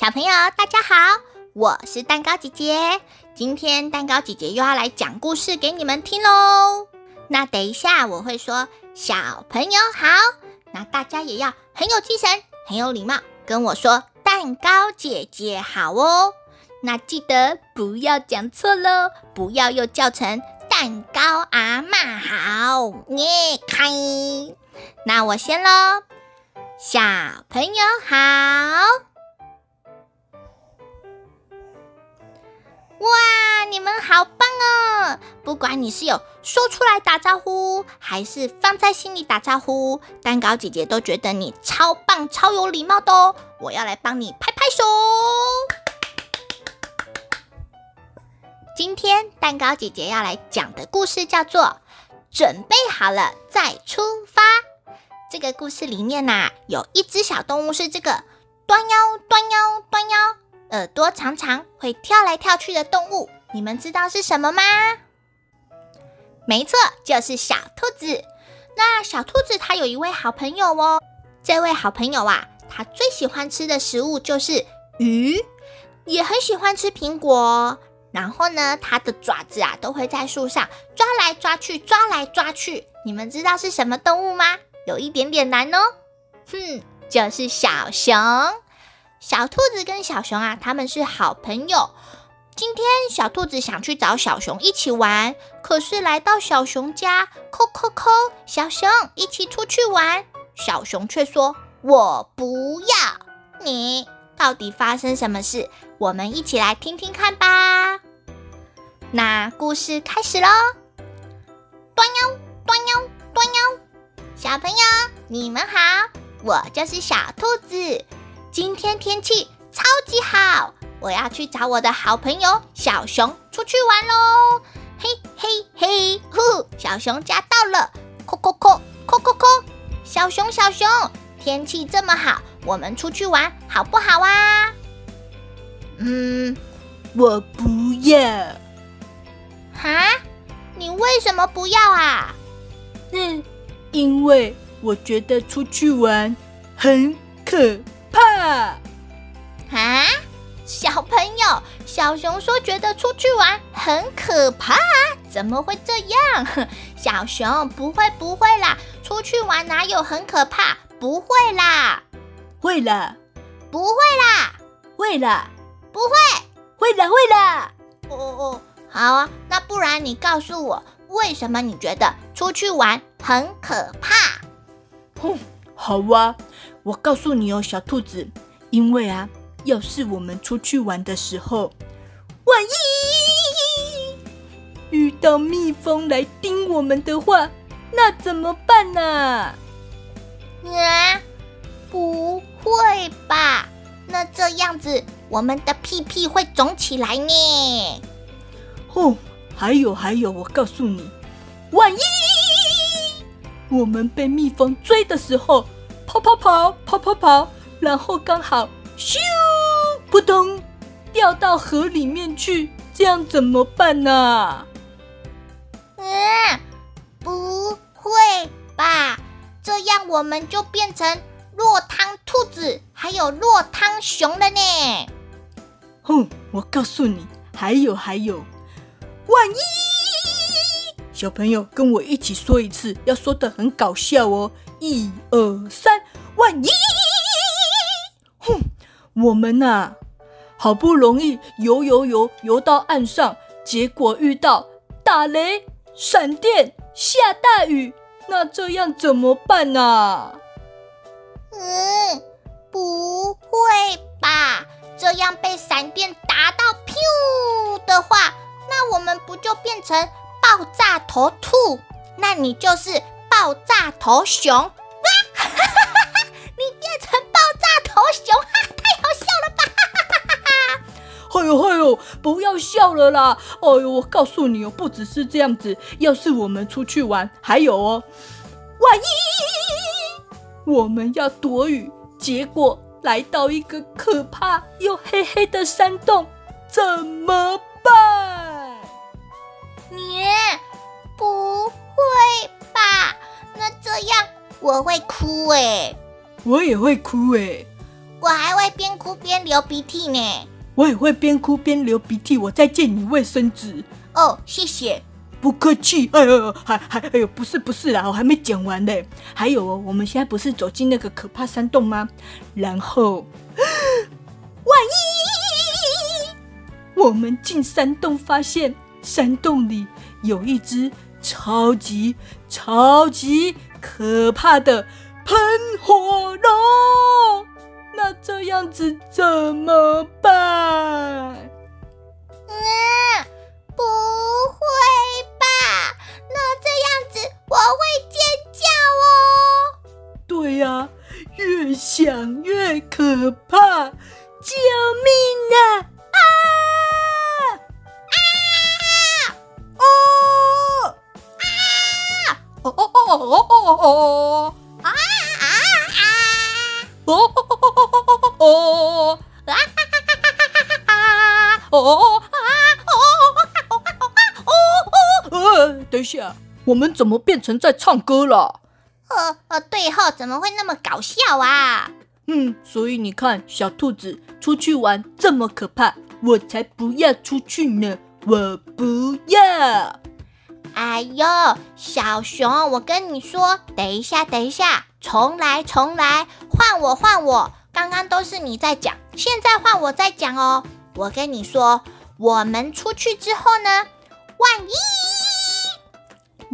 小朋友，大家好！我是蛋糕姐姐，今天蛋糕姐姐又要來講故事給你們聽嘍。那等一下我會說“小朋友好”，那大家也要很有精神、很有禮貌，跟我說“蛋糕姐姐好”哦。那記得不要講錯嘍，不要又叫成“蛋糕阿嬤好”耶！開，那我先嘍，小朋友好。哇，你們好棒哦！不管你是有說出來打招呼，還是放在心裡打招呼，蛋糕姐姐都覺得你超棒、超有禮貌的哦。我要來幫你拍拍手。今天蛋糕姐姐要來講的故事叫做《準備好了再出發》。這個故事裡面吶、啊，有一隻小動物是這個端腰、端腰、端腰。耳朵常常會跳來跳去的動物，你們知道是什麼嗎？沒錯，就是小兔子。那小兔子它有一位好朋友哦，這位好朋友啊，它最喜歡吃的食物就是魚，也很喜歡吃蘋果哦。然後呢，它的爪子啊，都會在樹上抓來抓去，抓來抓去。你們知道是什麼動物嗎？有一點點難哦。哼，就是小熊。小兔子跟小熊啊，他們是好朋友。今天小兔子想去找小熊一起玩，可是來到小熊家，扣扣扣，小熊一起出去玩，小熊卻說：“我不要你。”你到底發生什麼事？我們一起來聽聽看吧。那故事開始咯。端喲端喲端喲，小朋友你們好，我就是小兔子。今天天氣超級好，我要去找我的好朋友小熊出去玩嘍！嘿嘿嘿，呼！小熊家到了，扣扣扣，扣扣扣，小熊，小熊，天氣這麼好，我們出去玩好不好啊？嗯，我不要。哈？你為什麼不要啊？嗯，因為我覺得出去玩很可。怕啊！小朋友，小熊說覺得出去玩很可怕，怎麼會這樣？小熊，不會不會啦，出去玩哪有很可怕？不會啦，會啦，不會啦，會啦，不會，會啦會啦。哦哦，好啊，那不然你告訴我，為什麼你覺得出去玩很可怕？哼，好啊。我告訴你哦，小兔子，因為啊，要是我們出去玩的時候，萬一遇到蜜蜂來叮我們的話，那怎麼辦呢？啊？啊，不會吧？那這樣子，我們的屁屁會腫起來呢。哦，還有還有，我告訴你，萬一我們被蜜蜂追的時候。跑跑跑，跑跑跑，然後剛好咻噗通掉到河裡面去，這樣怎麼辦呢？啊？啊、嗯，不會吧？這樣我們就變成落湯兔子，還有落湯熊了呢。哼，我告訴你，還有還有，萬一小朋友跟我一起說一次，要說得很搞笑哦。一二三，萬一， 哼，我們吶、啊，好不容易游游游游到岸上，結果遇到打雷、閃電、下大雨，那這樣怎麼辦啊？嗯，不會吧？這樣被閃電打到，噗的話，那我們不就變成爆炸頭兔？那你就是。爆炸頭熊，哇哈哈哈哈！你變成爆炸頭熊，哈，哈太好笑了吧！哈，哈，哈，哈！嘿喲嘿喲，不要笑了啦！哎呦，我告訴你哦，不只是這樣子，要是我們出去玩，還有哦，萬一我們要躲雨，結果來到一個可怕又黑黑的山洞，怎麼？我會哭哎、欸，我也會哭哎、欸，我還會邊哭邊流鼻涕呢。我也會邊哭邊流鼻涕。我再借你衛生紙哦，oh, 謝謝，不客氣。哎呦，還、哎、還哎呦，不是不是啦，我還沒講完呢。還有哦，我們現在不是走進那個可怕山洞嗎？然後，萬一伊我們進山洞發現山洞裡有一隻。超級超級可怕的噴火龍，那這樣子怎麼辦？啊、嗯，不會吧？那這樣子我會尖叫哦。對呀、啊，越想越可怕，救命啊！哦哦哦哦！啊啊啊！哦哦哦哦哦哦哦！啊哈哈哈哈哈哈！哦哦哦啊哦哦哦哦哦啊哦哦！呃，等一下，我們怎麼變成在唱歌了啊，呃？呃呃，對齁，怎麼會那麼搞笑啊？嗯，所以你看，小兔子出去玩這麼可怕，我才不要出去呢，我不要。哎呦，小熊，我跟你說，等一下，等一下，重來，重來，換我，換我，剛剛都是你在講，現在換我在講哦。我跟你說，我們出去之後呢，萬一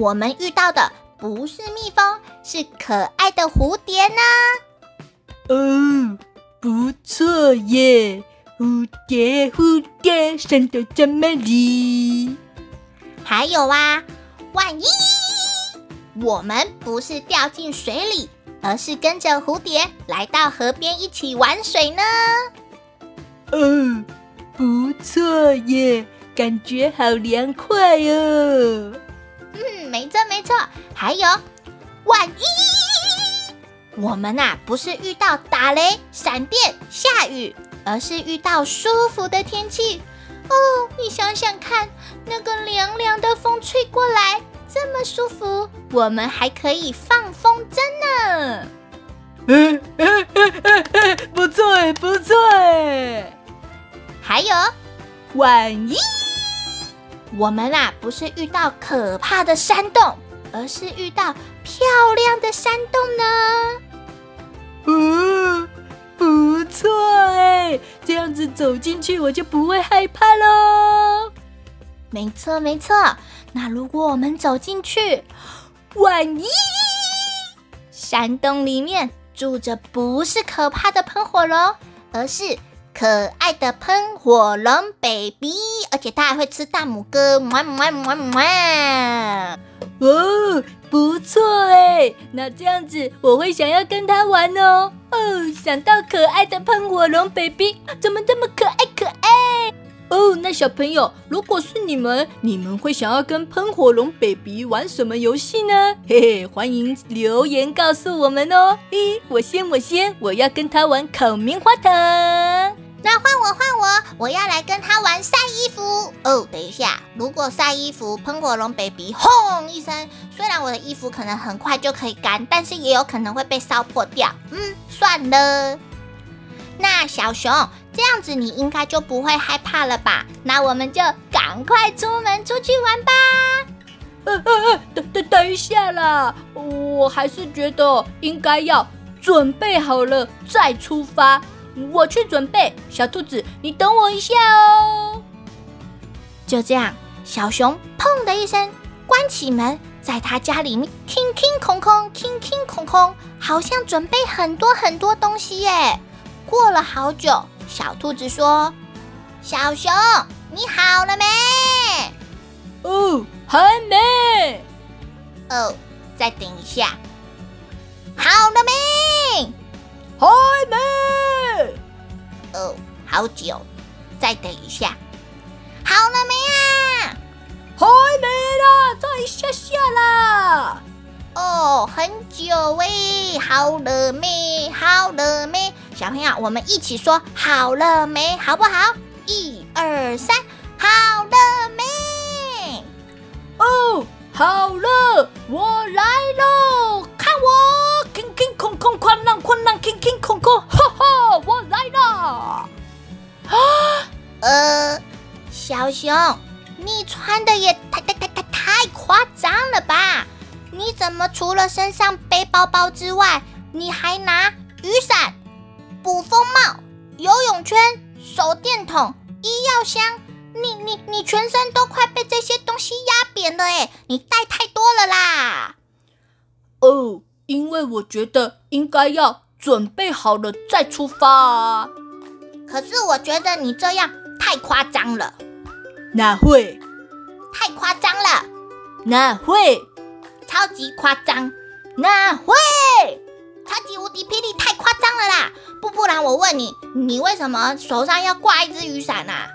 我們遇到的不是蜜蜂，是可愛的蝴蝶呢？哦，不錯耶，蝴蝶，蝴蝶，生得真美麗。還有啊，萬一我們不是掉進水裡，而是跟着蝴蝶來到河邊一起玩水呢？哦、呃，不錯耶，感覺好涼快哦。嗯，沒錯沒錯。還有，萬一我們吶、啊，不是遇到打雷、閃電、下雨，而是遇到舒服的天氣。哦，你想想看，那個涼涼的風吹過來，這麼舒服，我們還可以放風箏呢。嗯嗯嗯嗯嗯，不錯哎，不錯哎。還有，萬一依我們啊不是遇到可怕的山洞，而是遇到漂亮的山洞呢？嗯。錯哎，這樣子走進去我就不會害怕嘍。沒錯，沒錯，那如果我們走進去，萬一山洞裡面住着不是可怕的噴火龍，而是可愛的噴火龍 baby，而且它還會吃大拇哥？呃呃呃呃呃呃哦，不錯哎，那這樣子我會想要跟他玩哦。哦，想到可愛的噴火龍 baby，怎麼這麼可愛可愛？哦，那小朋友，如果是你們，你們會想要跟噴火龍 baby 玩什麼遊戲呢？嘿嘿，歡迎留言告訴我們哦。咦，我先，我先，我要跟他玩烤棉花糖。那換我。我要來跟他玩曬衣服哦，等一下，如果曬衣服，噴火龍 baby 轟一聲，雖然我的衣服可能很快就可以乾，但是也有可能會被燒破掉。嗯，算了。那小熊，這樣子你應該就不會害怕了吧？那我們就趕快出門出去玩吧。呃呃呃，等、呃、等、等一下啦，我還是覺得應該要準備好了再出發。我去準備，小兔子，你等我一下哦。就這樣，小熊砰的一聲關起門，在他家裡面叮叮哐哐叮叮哐哐，好像準備很多很多東西耶。過了好久，小兔子說：“小熊，你好了沒？”“哦，還沒。”“哦，再等一下。”好久，再等一下，好了沒啊？還沒啦，再一下下啦。哦，很久喂、欸、好了沒？好了沒？小朋友，我們一起說好了沒，好不好？一二三，好了沒？哦，好了，我來了，看我鏡鏡空空空空、啊、空。小熊，你穿的也太、太、太、太、太誇張了吧？你怎麼除了身上背包包之外，你還拿雨傘、捕風帽、游泳圈、手電筒、醫藥箱？你、你、你全身都快被這些東西壓扁了哎！你帶太多了啦。哦，因為我覺得應該要準備好了再出發啊。可是我覺得你這樣太誇張了。那會？太誇張了！那會？超級誇張！那會？超級無敵霹靂，太誇張了啦！不不然，我問你，你為什麼手上要掛一隻雨傘呢、啊？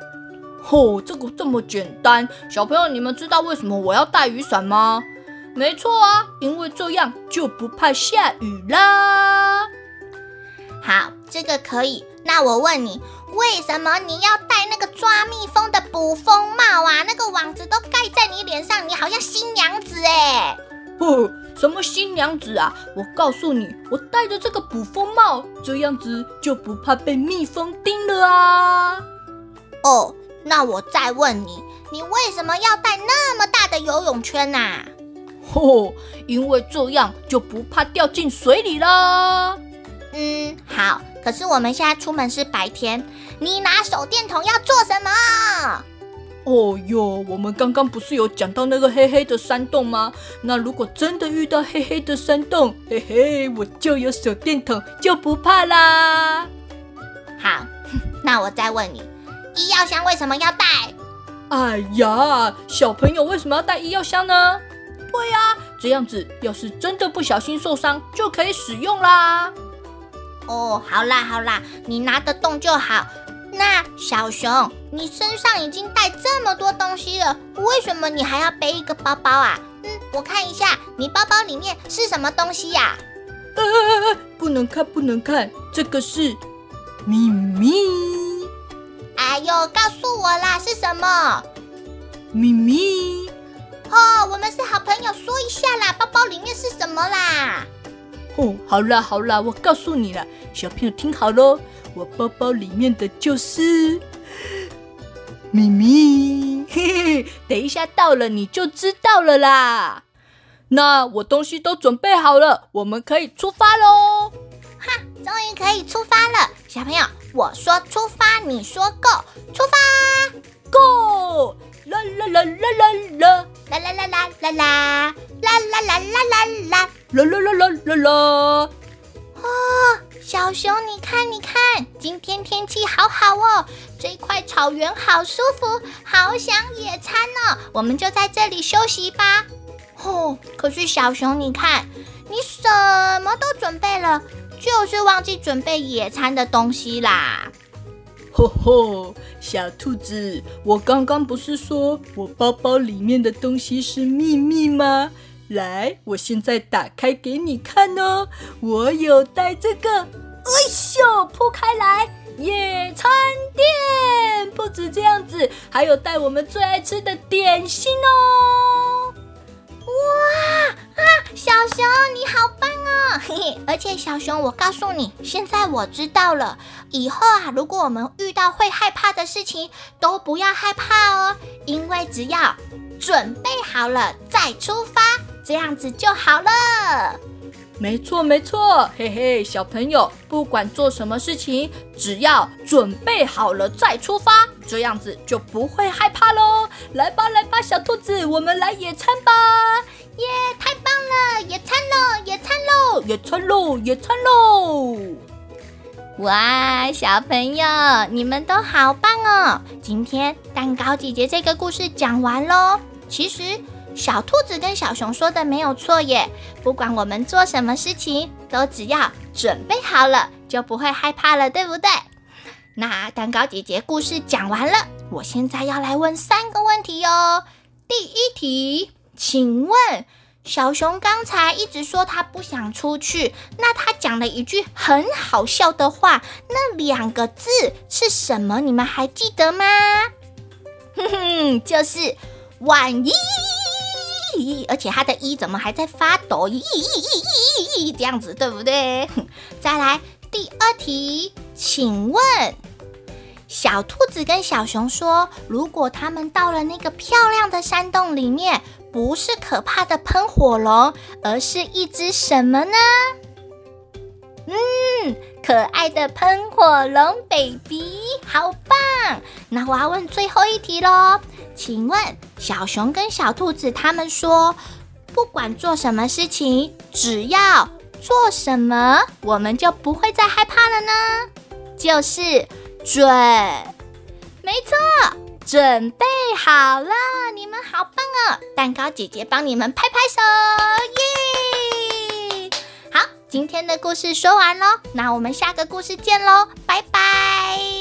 哦，這個這麼簡單，小朋友，你們知道為什麼我要帶雨傘嗎？沒錯啊，因為這樣就不怕下雨啦。好，這個可以。那我問你，為什麼你要戴那個抓蜜蜂的捕蜂帽啊？那個網子都蓋在你臉上，你好像新娘子誒，吼，什麼新娘子啊？我告訴你，我戴着這個捕蜂帽，這樣子就不怕被蜜蜂叮了啊。哦，那我再問你，你為什麼要戴那麼大的游泳圈吶、啊？哦，因為這樣就不怕掉進水裡啦。嗯，好。可是我們現在出門是白天，你拿手電筒要做什麼？哦喲，我們剛剛不是有講到那個黑黑的山洞嗎？那如果真的遇到黑黑的山洞，嘿嘿，我就有手電筒，就不怕啦。好，那我再問你，醫藥箱為什麼要帶？哎呀，小朋友為什麼要帶醫藥箱呢？對啊，這樣子要是真的不小心受傷，就可以使用啦。哦，oh, 好啦好啦，你拿得動就好。那小熊，你身上已經帶這麼多東西了，為什麼你還要背一個包包啊？嗯，我看一下，你包包裡面是什麼東西呀、啊？呃、啊，不能看，不能看，這個是秘密。哎呦，告訴我啦，是什麼秘密？哦，oh, 我們是好朋友，說一下啦，包包裡面是什麼啦？哦，好啦好啦，我告訴你了，小朋友聽好嘍，我包包裡面的就是咪咪。嘿嘿，等一下到了你就知道了啦。那我東西都準備好了，我們可以出發嘍！哈，終於可以出發了，小朋友，我說出發，你說 Go，出發，Go！啦啦啦啦啦啦，啦啦啦啦啦啦，啦啦啦啦啦啦，啦啦啦啦啦啦。哦，小熊，你看，你看，今天天氣好好哦，這一塊草原好舒服，好想野餐呢，我們就在這裡休息吧。哦，可是小熊，你看，你什麼都準備了，就是忘記準備野餐的東西啦。吼、哦、吼，小兔子，我剛剛不是說我包包裡面的東西是秘密嗎？來，我現在打開給你看哦。我有帶這個，哎、欸、呦，鋪開來，野餐墊不止這樣子，還有帶我們最愛吃的點心哦，哇！啊，小熊你好棒哦！ 而且小熊，我告訴你，現在我知道了。以後啊，如果我們遇到會害怕的事情，都不要害怕哦，因為只要準備好了再出發，這樣子就好了。沒錯，沒錯，嘿嘿，小朋友，不管做什麼事情，只要準備好了再出發，這樣子就不會害怕嘍。來吧，來吧，小兔子，我們來野餐吧！耶，太棒了，野餐嘍，野餐嘍，野餐嘍，野餐嘍！哇，小朋友，你們都好棒哦！今天蛋糕姐姐這個故事講完嘍。其實。小兔子跟小熊說的沒有錯耶，不管我們做什麼事情，都只要準備好了，就不會害怕了，對不對？那蛋糕姐姐故事講完了，我現在要來問三個問題喲、哦。第一題，請問小熊剛才一直說他不想出去，那他講了一句很好笑的話，那兩個字是什麼？你們還記得嗎？哼哼，就是萬一。晚而且它的一、e、怎麼還在發抖？咦咦咦咦咦，這樣子對不對？ 再來第二題，請問小兔子跟小熊說，如果他們到了那個漂亮的山洞裡面，不是可怕的噴火龍，而是一隻什麼呢？嗯。可愛的噴火龍 baby，好棒！那我要問最後一題嘍，請問小熊跟小兔子他們說，不管做什麼事情，只要做什麼，我們就不會再害怕了呢？就是準，沒錯，準備好了，你們好棒哦！蛋糕姐姐幫你們拍拍手，耶！今天的故事說完嘍，那我們下個故事見嘍，拜拜。